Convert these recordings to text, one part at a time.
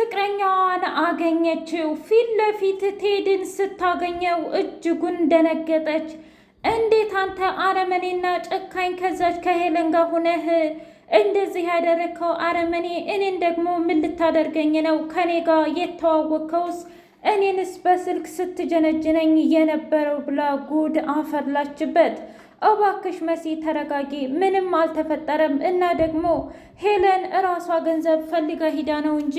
ፍቅረኛዋን አገኘችው። ፊት ለፊት ቴድን ስታገኘው እጅጉን ደነገጠች። እንዴት አንተ አረመኔና ጨካኝ ከዛች ከሄለን ጋር ሁነህ እንደዚህ ያደረግከው አረመኔ፣ እኔን ደግሞ ምን ልታደርገኝ ነው? ከኔ ጋር የተዋወቅከውስ እኔንስ በስልክ ስትጀነጅነኝ የነበረው ብላ ጉድ አፈላችበት። እባክሽ መሲ ተረጋጊ፣ ምንም አልተፈጠረም። እና ደግሞ ሄለን እራሷ ገንዘብ ፈልጋ ሂዳ ነው እንጂ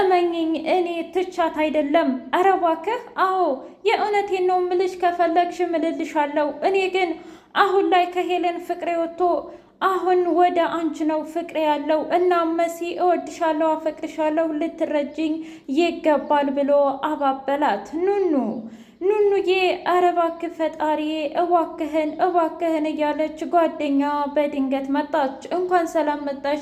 እመኝኝ፣ እኔ ትቻት አይደለም። ኧረ እባክህ፣ አዎ የእውነቴን ነው ምልሽ፣ ከፈለግሽ ምልልሻለሁ። እኔ ግን አሁን ላይ ከሄለን ፍቅሬ ወጥቶ አሁን ወደ አንቺ ነው ፍቅሬ ያለው። እና መሲ እወድሻለሁ፣ አፈቅርሻለሁ፣ ልትረጅኝ ይገባል ብሎ አባበላት ኑኑ ጽጌ ኧረ እባክህ ፈጣሪዬ እባክህን እባክህን እያለች ጓደኛዋ በድንገት መጣች። እንኳን ሰላም መጣሽ፣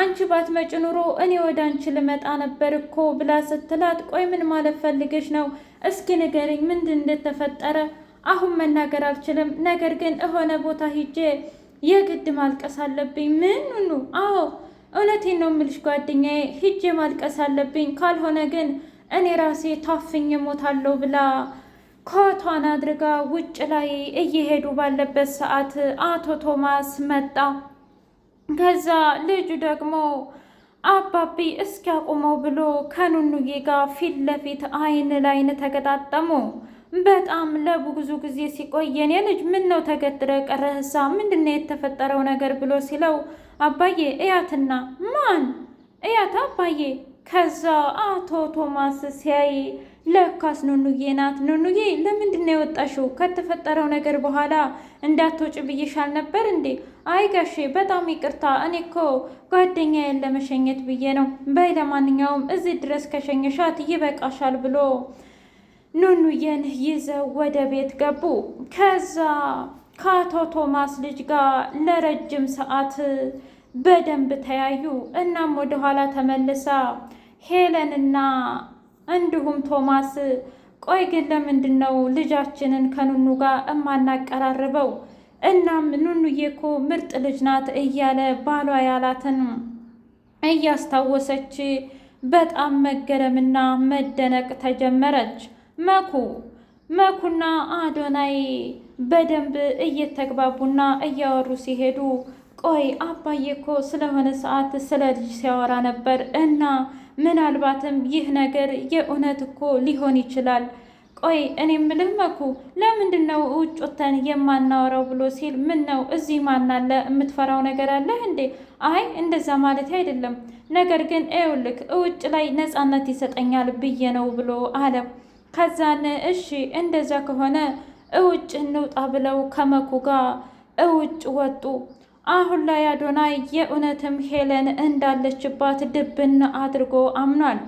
አንቺ ባትመጪ ኑሮ እኔ ወደ አንቺ ልመጣ ነበር እኮ ብላ ስትላት፣ ቆይ ምን ማለት ፈልገሽ ነው? እስኪ ንገሪኝ፣ ምንድን እንደተፈጠረ አሁን መናገር አልችልም። ነገር ግን እሆነ ቦታ ሂጄ የግድ ማልቀስ አለብኝ። ምንኑ? አዎ እውነቴን ነው የምልሽ ጓደኛዬ፣ ሂጄ ማልቀስ አለብኝ፣ ካልሆነ ግን እኔ ራሴ ታፍኝ ሞታለሁ ብላ ኮቷን አድርጋ ውጭ ላይ እየሄዱ ባለበት ሰዓት አቶ ቶማስ መጣ። ከዛ ልጁ ደግሞ አባቢ እስኪያቁመው ብሎ ከኑኑዬ ጋር ፊት ለፊት አይን ላይን ተገጣጠሙ። በጣም ለብዙ ጊዜ ሲቆይ የኔ ልጅ ምን ነው ተገድረ ቀረህሳ? ምንድን ነው የተፈጠረው ነገር ብሎ ሲለው አባዬ እያትና ማን እያት አባዬ። ከዛ አቶ ቶማስ ሲያይ ለካስ ኑኑዬ ናት። ኑኑዬ ለምንድን ነው የወጣሽው? ከተፈጠረው ነገር በኋላ እንዳትወጭ ብዬሻል ነበር እንዴ? አይ ጋሼ በጣም ይቅርታ፣ እኔ እኮ ጓደኛዬን ለመሸኘት ብዬ ነው። በይ ለማንኛውም እዚህ ድረስ ከሸኘሻት ይበቃሻል ብሎ ኑኑዬን ይዘው ወደ ቤት ገቡ። ከዛ ከአቶ ቶማስ ልጅ ጋር ለረጅም ሰዓት በደንብ ተያዩ። እናም ወደኋላ ተመልሳ ሄለንና እንዲሁም ቶማስ ቆይ ግን ለምንድን ነው ልጃችንን ከኑኑ ጋር እማናቀራርበው? እናም ኑኑዬ እኮ ምርጥ ልጅ ናት እያለ ባሏ ያላትን እያስታወሰች በጣም መገረምና መደነቅ ተጀመረች። መኩ መኩና አዶናይ በደንብ እየተግባቡና እያወሩ ሲሄዱ ቆይ አባዬ እኮ ስለሆነ ሰዓት ስለ ልጅ ሲያወራ ነበር እና ምናልባትም ይህ ነገር የእውነት እኮ ሊሆን ይችላል። ቆይ እኔ ምልህ መኩ ለምንድን ነው ውጭ ወተን የማናወራው ብሎ ሲል ምን ነው እዚህ ማናለ የምትፈራው ነገር አለህ እንዴ? አይ እንደዛ ማለት አይደለም፣ ነገር ግን ይኸውልህ እውጭ ላይ ነፃነት ይሰጠኛል ብዬ ነው ብሎ አለ። ከዛን እሺ እንደዛ ከሆነ እውጭ እንውጣ ብለው ከመኩ ጋር እውጭ ወጡ። አሁን ላይ አዶናይ የእውነትም ሄለን እንዳለችባት ድብን አድርጎ አምኗል።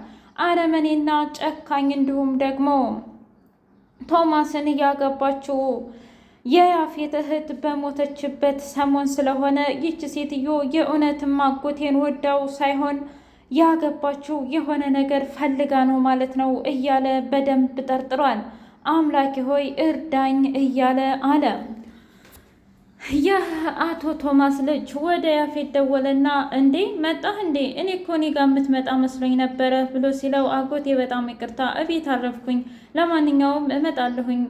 አረመኔና ጨካኝ እንዲሁም ደግሞ ቶማስን ያገባችው የያፌት እህት በሞተችበት ሰሞን ስለሆነ ይች ሴትዮ የእውነትም አጎቴን ወዳው ሳይሆን ያገባችው የሆነ ነገር ፈልጋ ነው ማለት ነው እያለ በደንብ ጠርጥሯል። አምላኬ ሆይ እርዳኝ እያለ አለ። የአቶ ቶማስ ልጅ ወደ ያፌት ደወለና እንዴ መጣህ እንዴ እኔ እኮ እኔ ጋር የምትመጣ መስሎኝ ነበረ ብሎ ሲለው አጎቴ በጣም ይቅርታ እቤት አረፍኩኝ፣ ለማንኛውም እመጣለሁኝ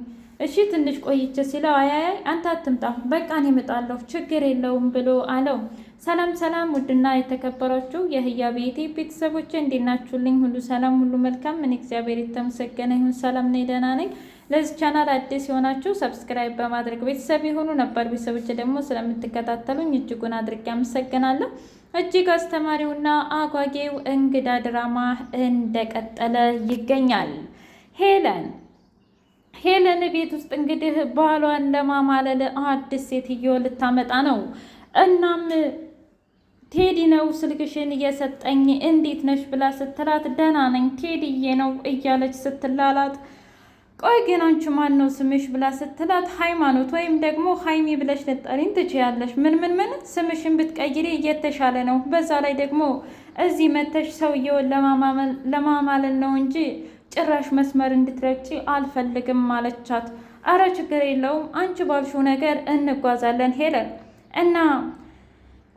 እሺ ትንሽ ቆይቼ ሲለው አያያይ አንተ አትምጣ በቃ እኔ እመጣለሁ ችግር የለውም ብሎ አለው። ሰላም ሰላም፣ ውድና የተከበራችሁ የህያ ቤቴ ቤተሰቦች እንዴት ናችሁልኝ? ሁሉ ሰላም፣ ሁሉ መልካም። ምን እግዚአብሔር የተመሰገነ ይሁን። ሰላም ነኝ፣ ደህና ነኝ። ለዚህ ቻናል አዲስ የሆናችሁ ሰብስክራይብ በማድረግ ቤተሰብ የሆኑ ነባር ቤተሰቦች ደግሞ ስለምትከታተሉኝ እጅጉን አድርጌ አመሰግናለሁ። እጅግ አስተማሪውና አጓጌው እንግዳ ድራማ እንደቀጠለ ይገኛል። ሄለን ሄለን ቤት ውስጥ እንግዲህ ባሏን ለማማለል አዲስ ሴትዮ ልታመጣ ነው። እናም ቴዲ ነው ስልክሽን እየሰጠኝ እንዴት ነሽ ብላ ስትላት ደህና ነኝ ቴዲዬ ነው እያለች ስትላላት ቆይ ግን አንቺ ማን ነው ስምሽ ብላ ስትላት ሃይማኖት ወይም ደግሞ ሀይሚ ብለሽ ልጠሪኝ ትችያለሽ። ምን ምን ምን ስምሽን ብትቀይሪ እየተሻለ ነው። በዛ ላይ ደግሞ እዚህ መተሽ ሰውየውን ለማማለል ነው እንጂ ጭራሽ መስመር እንድትረግጪ አልፈልግም አለቻት። አረ ችግር የለውም አንቺ ባልሽው ነገር እንጓዛለን ሄለን እና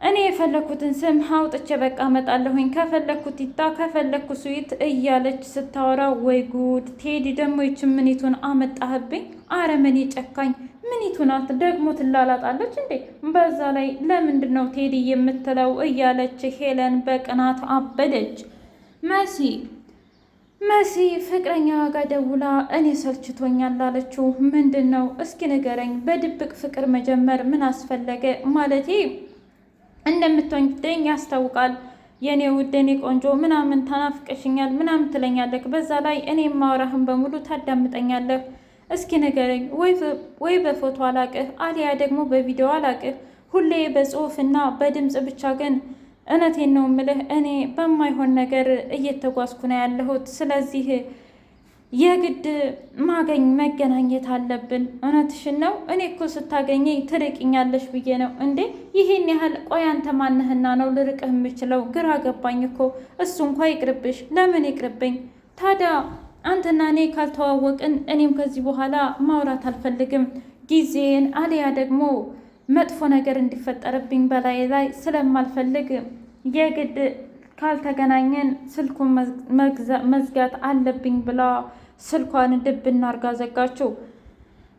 እኔ የፈለግኩትን ስም አውጥቼ በቃ መጣለሁኝ ከፈለግኩት ይታ፣ ከፈለግኩ ስዊት እያለች ስታወራ፣ ወይ ጉድ! ቴዲ ደግሞ ይች ምኒቱን አመጣህብኝ፣ አረመኔ ጨካኝ ምኒቱ ናት ደግሞ ትላላጣለች እንዴ! በዛ ላይ ለምንድን ነው ቴዲ የምትለው? እያለች ሄለን በቅናት አበደች። መሲ መሲ ፍቅረኛ ዋጋ ደውላ እኔ ሰልችቶኛል አለችው። ምንድን ነው እስኪ ንገረኝ፣ በድብቅ ፍቅር መጀመር ምን አስፈለገ? ማለቴ እንደምትወደኝ ያስታውቃል። የኔ ውድ የኔ ቆንጆ ምናምን ተናፍቀሽኛል ምናምን ትለኛለህ። በዛ ላይ እኔ ማውራህን በሙሉ ታዳምጠኛለህ። እስኪ ንገረኝ፣ ወይ በፎቶ አላቅህ አሊያ ደግሞ በቪዲዮ አላቅህ፣ ሁሌ በጽሁፍና በድምፅ ብቻ። ግን እውነቴን ነው ምልህ፣ እኔ በማይሆን ነገር እየተጓዝኩ ነው ያለሁት። ስለዚህ የግድ ማገኝ መገናኘት አለብን። እውነትሽን ነው። እኔ እኮ ስታገኘ ትርቅኛለሽ ብዬ ነው እንዴ ይህን ያህል። ቆይ አንተ ማነህና ነው ልርቅህ የምችለው? ግራ ገባኝ እኮ። እሱ እንኳ ይቅርብሽ። ለምን ይቅርብኝ ታዲያ? አንተና እኔ ካልተዋወቅን እኔም ከዚህ በኋላ ማውራት አልፈልግም። ጊዜን አሊያ ደግሞ መጥፎ ነገር እንዲፈጠርብኝ በላይ ላይ ስለማልፈልግ የግድ ካልተገናኘን ስልኩን መዝጋት አለብኝ ብላ ስልኳን ድብ እናርጋ ዘጋችው።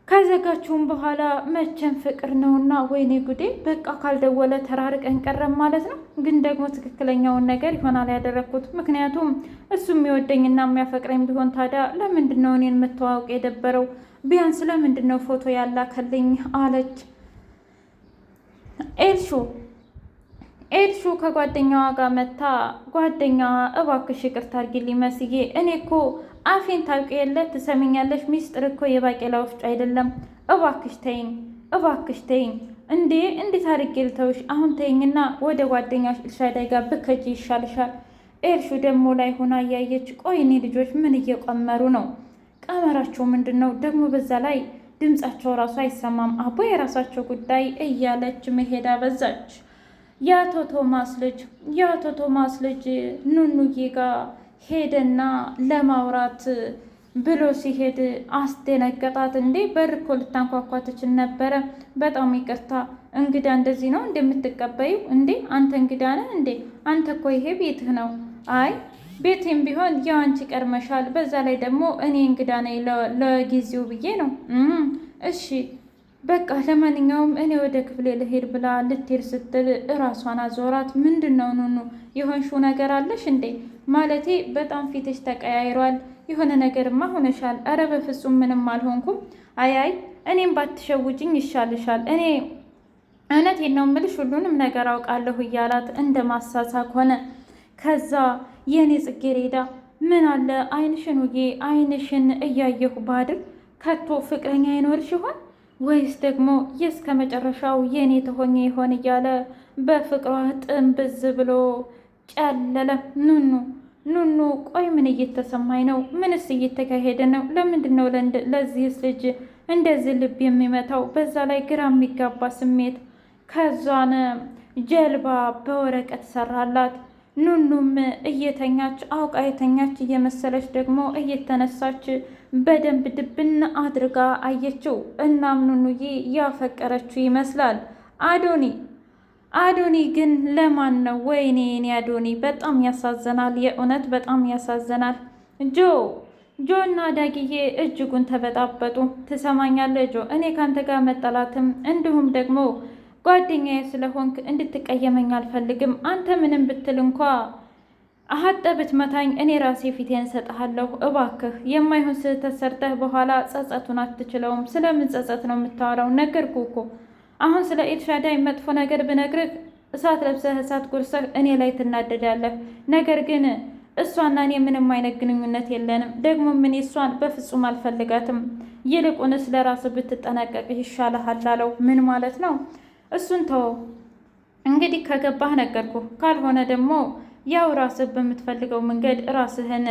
ከዘጋችሁም በኋላ መቼም ፍቅር ነውና ወይኔ ጉዴ፣ በቃ ካልደወለ ተራርቀን ቀረም ማለት ነው። ግን ደግሞ ትክክለኛውን ነገር ይሆናል ያደረግኩት። ምክንያቱም እሱ የሚወደኝና የሚያፈቅረኝ ቢሆን ታዲያ ለምንድን ነው እኔን መተዋወቅ የደበረው? ቢያንስ ለምንድን ነው ፎቶ ያላከልኝ? አለች ኤልሾ ኤልሹ ከጓደኛዋ ጋር መታ ጓደኛዋ እባክሽ ይቅርታ አድርጊልኝ መስዬ፣ እኔ እኮ አፌን ታውቂ የለ ትሰሚኛለሽ? ሚስጥር እኮ የባቄላ ወፍጮ አይደለም። እባክሽ ተይኝ፣ እባክሽ ተይኝ። እንዴ እንዴት አድርጌ ልተውሽ? አሁን ተይኝና ወደ ጓደኛሽ ኤልሻዳይ ጋር ብከጂ ይሻልሻል። ኤልሹ ደግሞ ላይ ሆና እያየች ቆይ እኔ ልጆች ምን እየቀመሩ ነው? ቀመራቸው ምንድን ነው ደግሞ? በዛ ላይ ድምጻቸው ራሱ አይሰማም። አቦ የራሳቸው ጉዳይ እያለች መሄዳ በዛች። የአቶ ቶማስ ልጅ የአቶ ቶማስ ልጅ ኑኑዬ ጋ ሄደና ለማውራት ብሎ ሲሄድ አስደነገጣት። እንዴ በር እኮ ነበረ። በጣም ይቅርታ እንግዳ እንደዚህ ነው እንደምትቀበዩ? እንዴ አንተ እንግዳ ነህ እንዴ? አንተ እኮ ይሄ ቤትህ ነው። አይ ቤቴም ቢሆን ያው አንቺ ቀድመሻል። በዛ ላይ ደግሞ እኔ እንግዳ ነኝ ለጊዜው ብዬ ነው። እሺ በቃ ለማንኛውም እኔ ወደ ክፍሌ ልሄድ ብላ ልትሄድ ስትል እራሷን አዞራት። ምንድን ነው ኑኑ የሆንሽው ነገር አለሽ እንዴ? ማለቴ በጣም ፊትሽ ተቀያይሯል። የሆነ ነገርማ ሆነሻል። አረ በፍጹም ምንም አልሆንኩም። አያይ እኔም ባትሸውጭኝ ይሻልሻል። እኔ እውነት ነው ምልሽ ሁሉንም ነገር አውቃለሁ እያላት እንደ ማሳሳቅ ሆነ። ከዛ የእኔ ጽጌሬዳ ምን አለ አይንሽን ውዬ አይንሽን እያየሁ ባድር ከቶ ፍቅረኛ ይኖር ይሆን ወይስ ደግሞ የእስከ መጨረሻው የእኔ ተሆኜ ይሆን እያለ በፍቅሯ ጥንብዝ ብሎ ጨለለ። ኑኑ ኑኑ ቆይ ምን እየተሰማኝ ነው? ምንስ እየተካሄደ ነው? ለምንድን ነው ለዚህስ ልጅ እንደዚህ ልብ የሚመታው? በዛ ላይ ግራ የሚጋባ ስሜት። ከዛን ጀልባ በወረቀት ሰራላት። ኑኑም እየተኛች አውቃ የተኛች እየመሰለች ደግሞ እየተነሳች በደንብ ድብን አድርጋ አየችው። እናም ኑኑዬ ያፈቀረችው ይመስላል። አዶኒ አዶኒ ግን ለማን ነው? ወይኔ የኔ አዶኒ በጣም ያሳዘናል። የእውነት በጣም ያሳዘናል። ጆ ጆ እና እጅጉን ተበጣበጡ። ትሰማኛለህ ጆ፣ እኔ ካንተ ጋር መጠላትም እንዲሁም ደግሞ ጓደኛዬ ስለሆንክ እንድትቀየመኝ አልፈልግም። አንተ ምንም ብትል እንኳ አሀጠ መታኝ እኔ ራሴ ፊቴን ሰጥሃለሁ። እባክህ የማይሆን ስህተት ሰርተህ በኋላ ጸጸቱን አትችለውም። ስለምን ጸጸት ነው የምታወራው? ነገርኩ እኮ አሁን ስለ ኤልሻዳይ መጥፎ ነገር ብነግርህ እሳት ለብሰህ እሳት ጎርሰህ እኔ ላይ ትናደዳለህ። ነገር ግን እሷና እኔ ምንም አይነት ግንኙነት የለንም። ደግሞ ምን እሷን በፍጹም አልፈልጋትም። ይልቁንስ ለራስህ ብትጠነቀቅህ ይሻልሃል አለው። ምን ማለት ነው? እሱን ተወው እንግዲህ ከገባህ ነገርኩህ፣ ካልሆነ ደግሞ ያው ራስህ በምትፈልገው መንገድ ራስህን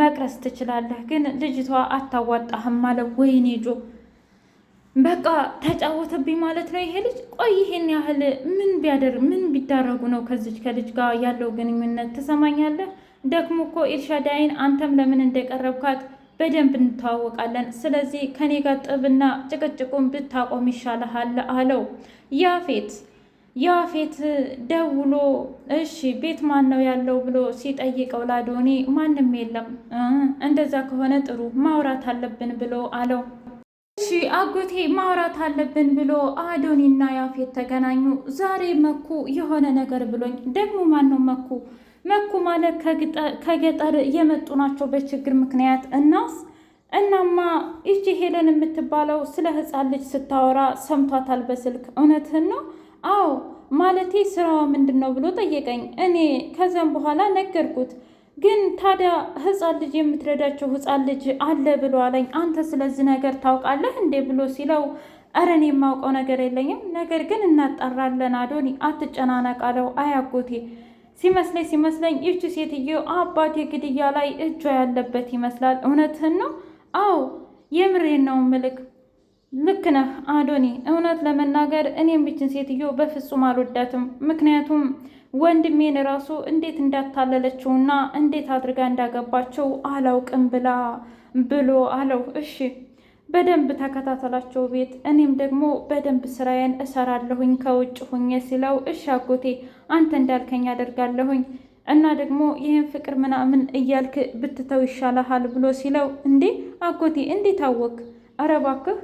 መቅረስ ትችላለህ፣ ግን ልጅቷ አታዋጣህም አለው። ወይኔ ጆ በቃ ተጫወተብኝ ማለት ነው ይሄ ልጅ። ቆይ ይሄን ያህል ምን ቢያደር ምን ቢዳረጉ ነው ከዚች ከልጅ ጋር ያለው ግንኙነት? ትሰማኛለህ? ደግሞ እኮ ኤልሻዳይን አንተም ለምን እንደቀረብካት በደንብ እንተዋወቃለን። ስለዚህ ከኔ ጋር ጥብና ጭቅጭቁን ብታቆም ይሻልሃል አለው ያፌት ያፌት ደውሎ እሺ ቤት ማን ነው ያለው ብሎ ሲጠይቀው ላዶኒ ማንም የለም፣ እንደዛ ከሆነ ጥሩ ማውራት አለብን ብሎ አለው። እሺ አጎቴ ማውራት አለብን ብሎ አዶኒና ያፌት ተገናኙ። ዛሬ መኩ የሆነ ነገር ብሎኝ ደግሞ ማን ነው መኩ? መኩ ማለት ከገጠር የመጡ ናቸው በችግር ምክንያት እናስ እናማ ይቺ ሄለን የምትባለው ስለ ሕፃን ልጅ ስታወራ ሰምቷታል በስልክ እውነትህን ነው አዎ ማለቴ ስራዋ ምንድን ነው ብሎ ጠየቀኝ። እኔ ከዚያም በኋላ ነገርኩት። ግን ታዲያ ህፃን ልጅ የምትረዳቸው ህፃን ልጅ አለ ብሎ አለኝ። አንተ ስለዚህ ነገር ታውቃለህ እንዴ ብሎ ሲለው እረ እኔ የማውቀው ነገር የለኝም፣ ነገር ግን እናጣራለን አዶኒ አትጨናነቅ አለው። አያጎቴ ሲመስለኝ ሲመስለኝ ይቺ ሴትዮ አባቴ ግድያ ላይ እጇ ያለበት ይመስላል። እውነትህን ነው? አዎ የምሬን ነው ምልክ ልክ ነህ አዶኒ። እውነት ለመናገር እኔም ይችን ሴትዮ በፍጹም አልወዳትም። ምክንያቱም ወንድሜን ራሱ እንዴት እንዳታለለችውና እንዴት አድርጋ እንዳገባቸው አላውቅም ብላ ብሎ አለው። እሺ በደንብ ተከታተላቸው ቤት፣ እኔም ደግሞ በደንብ ስራዬን እሰራለሁኝ ከውጭ ሁኜ ሲለው፣ እሺ አጎቴ አንተ እንዳልከኝ አደርጋለሁኝ እና ደግሞ ይህን ፍቅር ምናምን እያልክ ብትተው ይሻልሃል ብሎ ሲለው፣ እንዴ አጎቴ እንዴት አወቅ? አረ እባክህ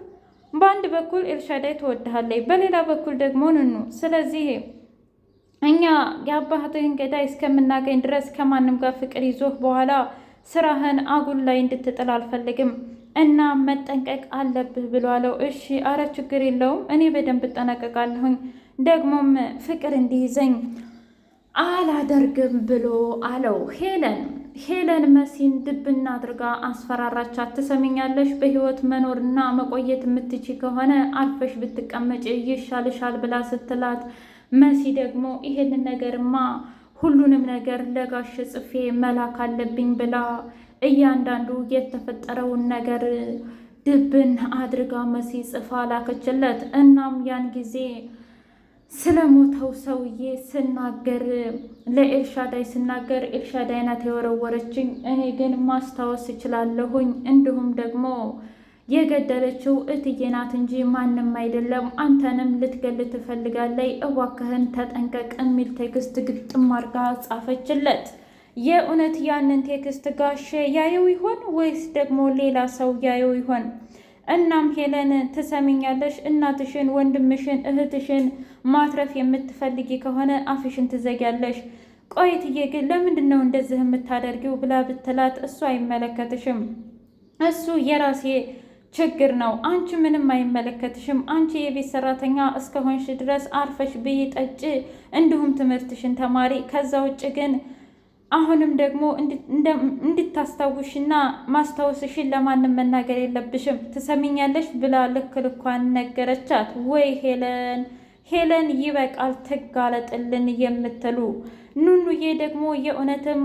በአንድ በኩል ኤልሻዳይ ትወድሃለች፣ በሌላ በኩል ደግሞ ንኑ። ስለዚህ እኛ የአባትህን ገዳይ እስከምናገኝ ድረስ ከማንም ጋር ፍቅር ይዞህ በኋላ ስራህን አጉል ላይ እንድትጥል አልፈልግም እና መጠንቀቅ አለብህ ብሎ አለው። እሺ አረ ችግር የለውም እኔ በደንብ እጠነቀቃለሁኝ፣ ደግሞም ፍቅር እንዲይዘኝ አላደርግም ብሎ አለው ሄለን ሄለን መሲን ድብና አድርጋ አስፈራራቻት። ትሰሚኛለሽ፣ በህይወት መኖርና መቆየት የምትች ከሆነ አልፈሽ ብትቀመጭ ይሻልሻል ብላ ስትላት፣ መሲ ደግሞ ይሄን ነገርማ ሁሉንም ነገር ለጋሽ ጽፌ መላክ አለብኝ ብላ እያንዳንዱ የተፈጠረውን ነገር ድብን አድርጋ መሲ ጽፋ ላከችለት። እናም ያን ጊዜ ስለሞተው ሰውዬ ስናገር ለኤልሻዳይ ስናገር ኤልሻዳይ ናት የወረወረችኝ፣ እኔ ግን ማስታወስ እችላለሁኝ። እንዲሁም ደግሞ የገደለችው እትዬ ናት እንጂ ማንም አይደለም። አንተንም ልትገል ትፈልጋለይ፣ እባክህን ተጠንቀቅ የሚል ቴክስት ግጥም አድርጋ ጻፈችለት። የእውነት ያንን ቴክስት ጋሼ ያየው ይሆን ወይስ ደግሞ ሌላ ሰው ያየው ይሆን? እናም ሄለን ትሰሚኛለሽ፣ እናትሽን፣ ወንድምሽን፣ እህትሽን ማትረፍ የምትፈልጊ ከሆነ አፍሽን ትዘጊያለሽ። ቆይ ግን ለምንድን ነው እንደዚህ የምታደርጊው ብላ ብትላት እሱ አይመለከትሽም፣ እሱ የራሴ ችግር ነው፣ አንቺ ምንም አይመለከትሽም። አንቺ የቤት ሰራተኛ እስከሆንሽ ድረስ አርፈሽ ብይ፣ ጠጪ፣ እንዲሁም ትምህርትሽን ተማሪ። ከዛ ውጭ ግን አሁንም ደግሞ እንድታስታውሽና ማስታወስሽን ለማንም መናገር የለብሽም ትሰሚኛለሽ? ብላ ልክ ልኳን ነገረቻት። ወይ ሄለን ሄለን ይበቃል፣ ትጋለጥልን የምትሉ ኑኑዬ ደግሞ የእውነትም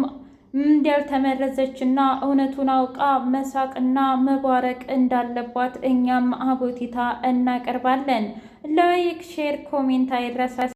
ተመረዘችና እውነቱን አውቃ መሳቅና መባረቅ እንዳለባት እኛም አቦቲታ እናቀርባለን። ላይክ፣ ሼር፣ ኮሜንት አይረሳ።